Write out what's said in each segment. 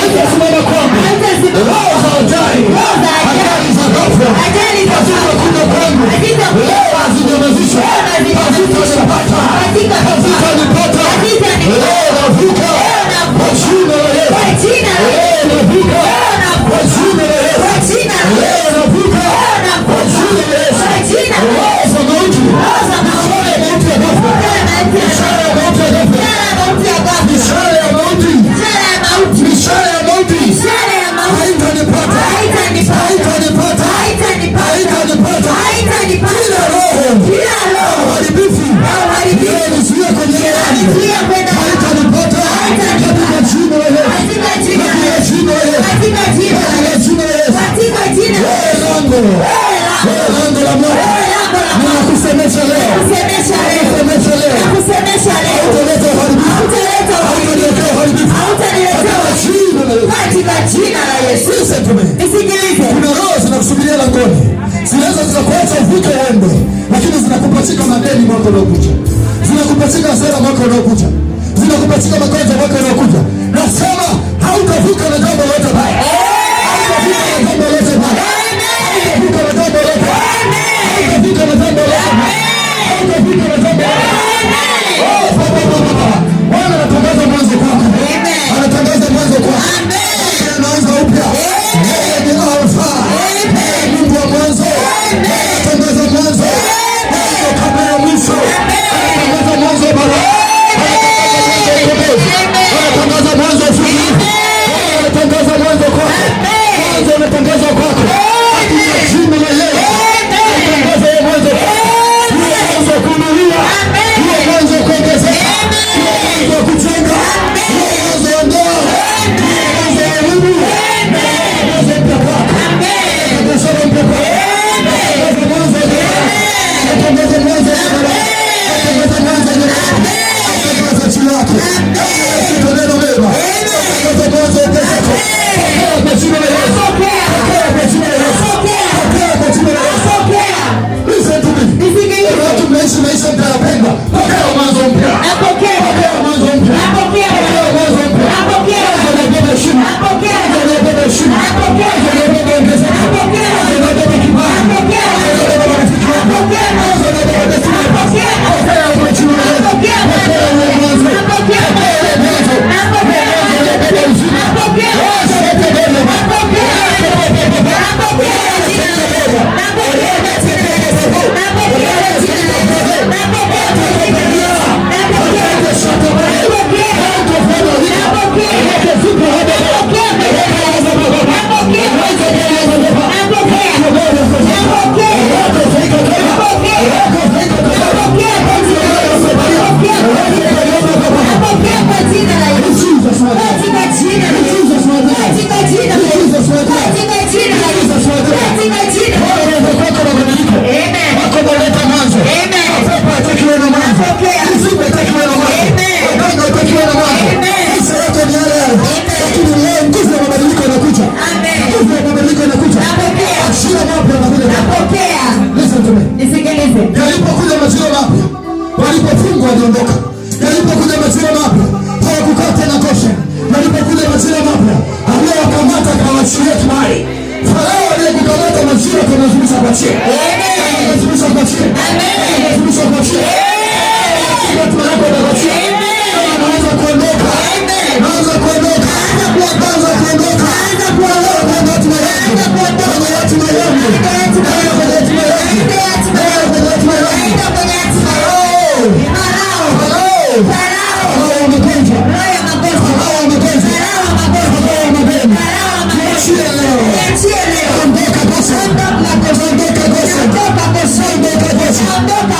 haitasimama kwangu, roho za ajali, za ghafla mwaka unaokuja, zinakupatika magonjwa mwaka Yesu um mtayapendwa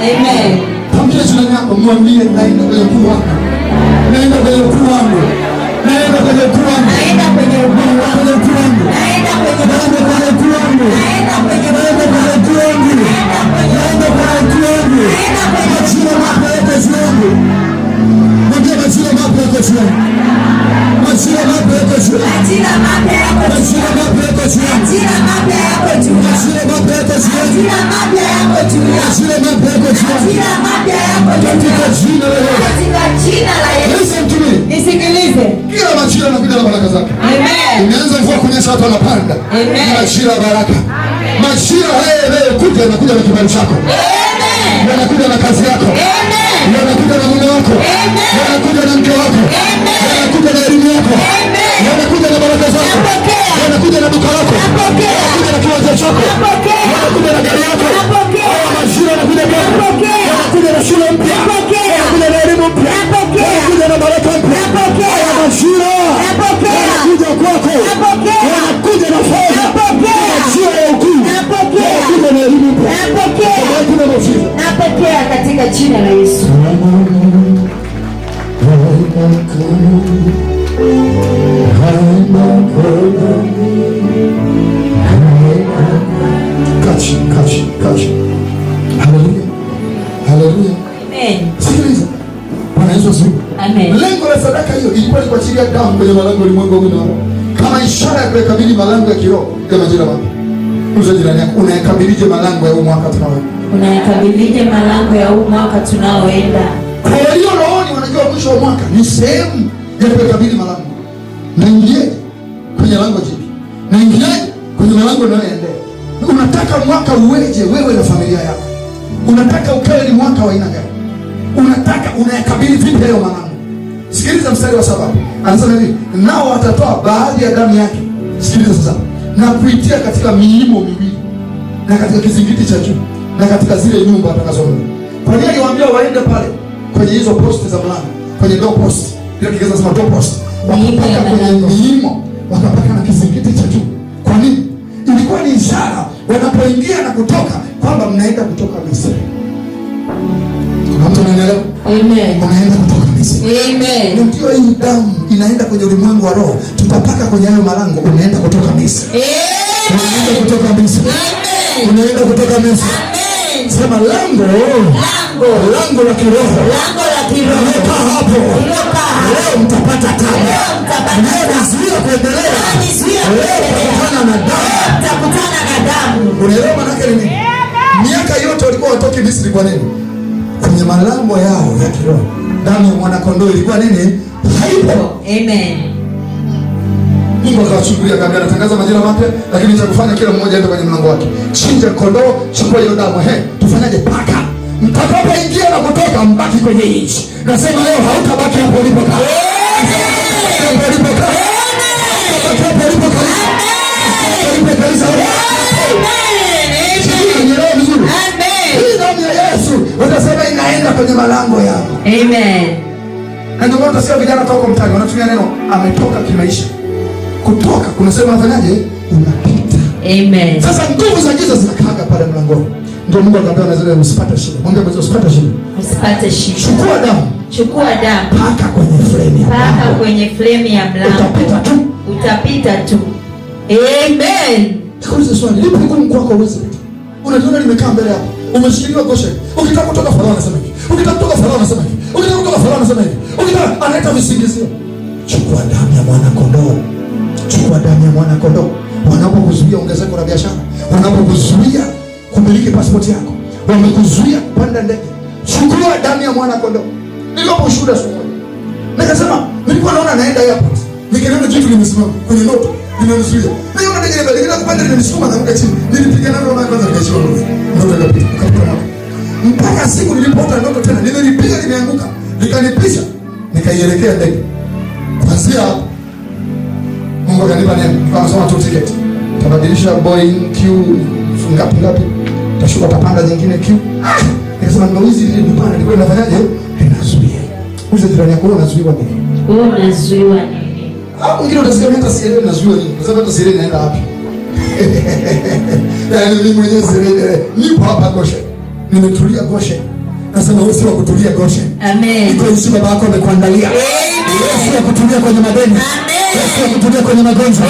Amen. jirani yako, mwambie naenda kwenye ukuu wako. Naenda kwenye ukuu wangu. Naenda kwenye ukuu wangu. Naenda kwenye ukuu wangu. Naenda kwenye ukuu wangu. Naenda kwenye ukuu wangu. Naenda kwenye ukuu wangu. Majira mapya yako yangu. Mwambie majira mapya yako yangu. Majira mapya yako yangu. Majira mapya yako yangu. Majira mapya yako yangu. Majira mapya Hazina mapya yako juu yangu. Hazina mapya yako juu yangu. Hazina mapya yako juu yangu. Hazina mapya yako juu yangu. Katika jina la Yesu. Katika jina la Yesu. Listen to me. Nisikilize. Kila majira yanakuja na baraka zake. Amen. Imeanza mvua kunyesha watu wanapanda. Amen. Majira ya baraka. Amen. Majira haya yanayokuja yanakuja na kibali chako. Amen. Yanakuja na kazi yako. Amen. Yanakuja na mume wako. Amen. Yanakuja na mke wako. Amen. Yanakuja na elimu yako. Amen. Yanakuja na baraka zako anakuja na duka lako, anakuja na kiwanja chako, anakuja na gari yako, mazingira anakuja kwako, anakuja na shule mpya, anakuja na elimu mpya, anakuja na baraka mpya, mazingira anakuja kwako, anakuja na fedha, mazingira ya ukuu, anakuja na elimu mpya, anakuja na mazingira. Napokea katika jina la Yesu. kupiga damu kwenye malango ulimwengu wa roho, kama ishara ya kuyakabili malango ya kiroho kama jina lako. Uza jirani yako, unayakabilije malango ya huu mwaka tunaoenda? Unayakabilije malango ya huu mwaka tunaoenda? Kwa walio rohoni wanajua mwisho wa mwaka ni sehemu ya kuyakabili malango. Naingiaje kwenye lango jipi? Naingiaje kwenye malango unayoendea? Unataka mwaka uweje wewe na familia yako? Unataka ukawe ni mwaka wa aina gani? Unataka unayakabili vipi hayo malango? Sikiliza mstari wa sababu anasema hivi, nao watatoa baadhi ya damu yake, sikiliza sasa, na kuitia katika miimo miwili na katika kizingiti cha juu na katika zile nyumba atakazoona. Kwa nini aliwaambia waende pale kwenye hizo posti za mlango, kwenye door post, ile kigeza sema door post, wakapaka kwenye miimo, wakapaka na kizingiti cha juu. Kwa nini? Ilikuwa ni ishara wanapoingia na kutoka kwamba mnaenda kutoka Misri. Kuna mtu anaelewa? Amen. ukiwa hii damu inaenda kwenye ulimwengu wa roho, tutapaka kwenye hayo malango, unaenda kutoka Misri. Unaenda kutoka Misri. Unaenda kutoka Misri. Sema lango. Lango. la kiroho. Lango hapo. Leo mtapata tabu. nazuia kuendelea. Leo mtakutana na damu. Unaelewa maana nini? Miaka yote walikuwa watoki Misri kwa nini? kwenye malango yao ya kiroho. Damu ya mwanakondoo ilikuwa nini? Haipo. Amen. Mungu akawachungulia kabla anatangaza majira mapya, lakini cha kufanya kila mmoja aende kwenye mlango wake. Chinja kondoo, chukua hiyo damu. He, tufanyaje? Paka. Mtakapoingia na kutoka mbaki kwenye nchi. Nasema leo hautabaki hapo ulipokaa. Hapo ulipokaa. Hapo ulipokaa. Hapo ulipokaa. malango yako. Amen. Na ndio maana sio vijana toka mtaani wanatumia neno ametoka kimaisha. Kutoka kunasema unafanyaje? Unapita. Amen. Sasa nguvu za giza zinakanga pale mlangoni. Ndio Mungu akaambia Nazareti usipate shida. Mwambie mzee usipate shida. Usipate shida. Chukua damu. Chukua damu. Paka kwenye frame ya mlango. Paka kwenye frame ya mlango. Utapita tu. Utapita tu. Amen. Tukuze swali. Lipo mkono wako uweze. Unajiona limekaa mbele hapo. Umeshikiliwa gosha. Ukitaka kutoka fadhali unasema Ukitaka salama unasema hivi, ukitaka salama unasema hivi, ukitaka analeta visingizio. Chukua damu ya mwana kondoo, chukua damu ya mwana kondoo. Wanapokuzuia ongezeko la biashara, wanapokuzuia kumiliki pasipoti yako, wamekuzuia kupanda ndege, chukua damu ya mwana kondoo. Nilipo ushuhuda siku nikasema nilikuwa naona naenda airport, nikiona kitu limesimama kwenye noto linanizuia, niona ndege ile, nikitaka kupanda, nilisukuma na mkachini, nilipiga nalo na kwanza nikachini, ndio nikapita mpaka siku nilipoota ndoto tena, nililipiga limeanguka, nikanipisha, nikaielekea ndege. Kuanzia Mungu akanipa neno, nikasoma tu tiketi, tabadilisha Boeing Q ngapi ngapi, tashuka tapanda nyingine Q. Nikasema ndio hizi ndio bwana, nilikuwa nafanyaje? Ninazuia uze jirani yako, unazuiwa nini? Wewe unazuiwa nini? Hapo ah, ngine utasikia mimi tasielewi nazuiwa nini, kwa sababu tasielewi naenda wapi. Yaani mimi mwenyewe sielewi, nipo hapa kosha nimetulia Goshen. Nasema wewe si wa kutulia Goshen. Amen. Iko Yesu baba yako amekuandalia. Wewe si wa kutulia kwenye madeni. Amen. Wewe si wa kutulia kwenye magonjwa.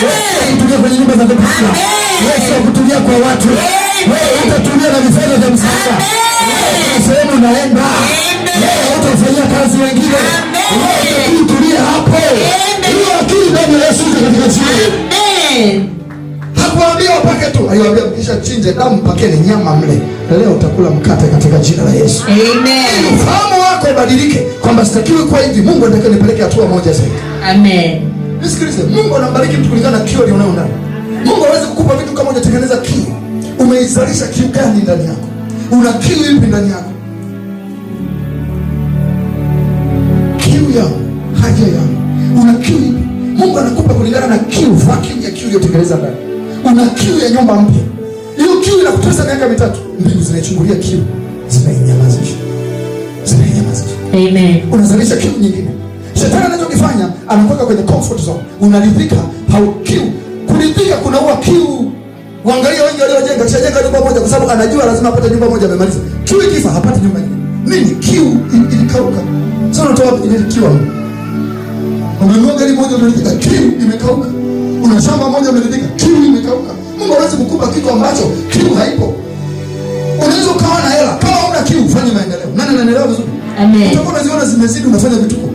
Wewe si wa kutulia kwenye nyumba za kupitia. Wewe si wa kutulia kwa watu. Wewe utatulia na vifaa vya msaada. Wewe sehemu unaenda. Wewe utafanyia kazi wengine. Wewe utulie hapo. Hiyo akili ndani ya Yesu katika jina. Amen. Hakuambia upake tu. Aliwaambia kisha chinje damu, pake ni nyama mle. Leo utakula mkate katika jina la Yesu. Amen. Ufahamu wako ubadilike kwamba sitakiwi kwa hivi, Mungu anataka nipeleke hatua moja zaidi. Amen. Nisikilize, Mungu anambariki mtu kulingana na kio unayo ndani. Mungu hawezi kukupa vitu kama hujatengeneza kio. Umeizalisha kio gani ndani yako? Una kio ipi ndani yako? Kio ya haja ya. una kio ipi? Mungu anakupa kulingana na kio, vacuum ya kio iliyotengeneza ndani. Una kio ya nyumba mpya hiyo kiu inakutesa miaka mitatu, mbingu zinaichungulia kiu, zinainyamazisha, zinainyamazisha. Amen. Unazalisha kiu nyingine. Shetani anachokifanya anakuweka kwenye comfort zone, unaridhika, hau kiu. Kuridhika kunaua kiu. Waangalia wengi waliojenga, kishajenga nyumba moja, kwa sababu anajua lazima apate nyumba moja, amemaliza. Kiu ikifa hapati nyumba nyingine. Nini? Kiu ilikauka. Sasa unatoa kwenye kiu Umegonga gari moja umeridhika, kiu imekauka. Una shamba moja umeridhika, kiu imekauka. Mungu hawezi kukupa kitu ambacho kiu haipo. Unaweza ukawa na hela kama una kiu, ufanye maendeleo. Nani anaelewa vizuri? Amen. Utakuwa unaziona zimezidi, unafanya vituko,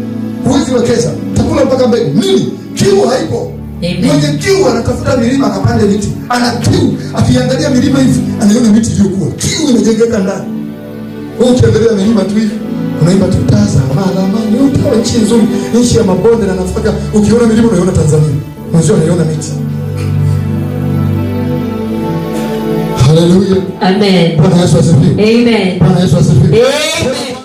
huwezi wekeza, utakula mpaka mbegu. Nini? Kiu haipo. Mwenye kiu anatafuta milima akapande miti, ana kiu. Akiangalia milima hivi anaona miti iliyokuwa, kiu imejengeka ndani. Wewe ukiangalia milima tu hivi unaimba tu tazama nchi nzuri, nchi ya mabonde na nafaka. Ukiona milima unaiona Tanzania, mwenzio anaiona miti Hallelujah. Amen. Amen. Amen.